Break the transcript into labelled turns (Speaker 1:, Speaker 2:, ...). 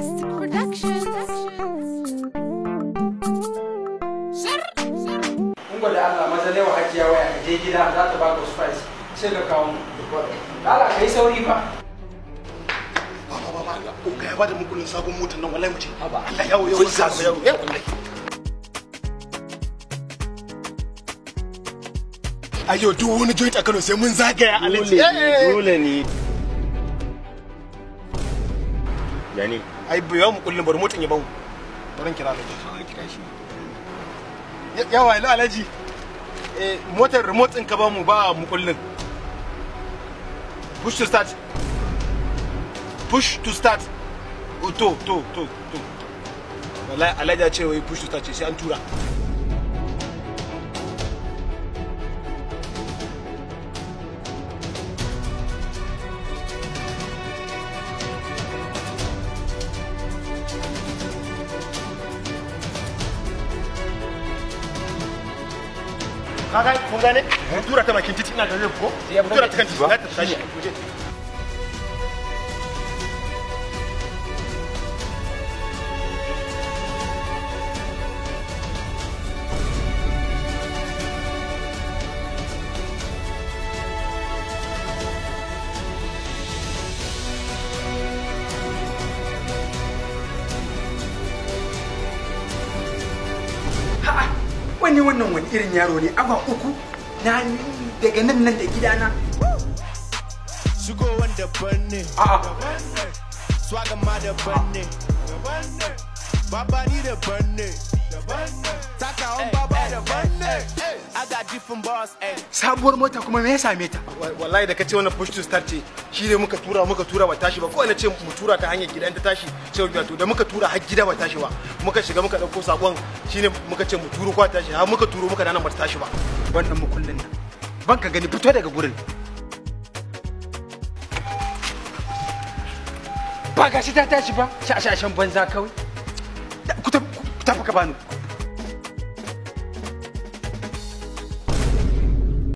Speaker 1: Podcast Productions. Sir, sir. Ungo da Allah maza lewa hajiya waya ka je gida za ta baka surprise sai ka kawo mu. Allah kai sauri fa. Baba baba ga ya bada muku sabon motar nan wallahi mu ce. Allah yawo yawo sa su yawo. Ayo duk wani joint a Kano sai mun zagaya a Dole ne. Eh. ya ne ai bai mu kullum bari motin ya bawo bari kira alhaji ya ya wa ila alhaji eh motar remote din ka ba mu ba mu kullum push to start push to start oh, to to to to wallahi alhaji ya ce wai push to start sai an tura ka kun gane tura ta makin titi ina da zai ko ta kan titi za wani wannan wani irin yaro ne awa uku na daga nan nan da gidana shigo wanda banne swaga ma da banne baba ni da banne takawan baba da banne ga boss eh. sabuwar mota kuma me ya same ta wallahi da kace wannan push to start ce shi ne muka tura muka tura wa tashi ba ko ina ce mu tura ta hanyar gidan ta tashi Ce mu to da muka tura har gida ba tashi ba muka shiga muka dauko sakon shine muka ce mu turo kwa tashi har muka turo muka nan ba tashi ba wannan mu kullun nan ban ka gani fito daga gurin ba shi ta tashi ba shashashan banza kawai ku tafi ka bani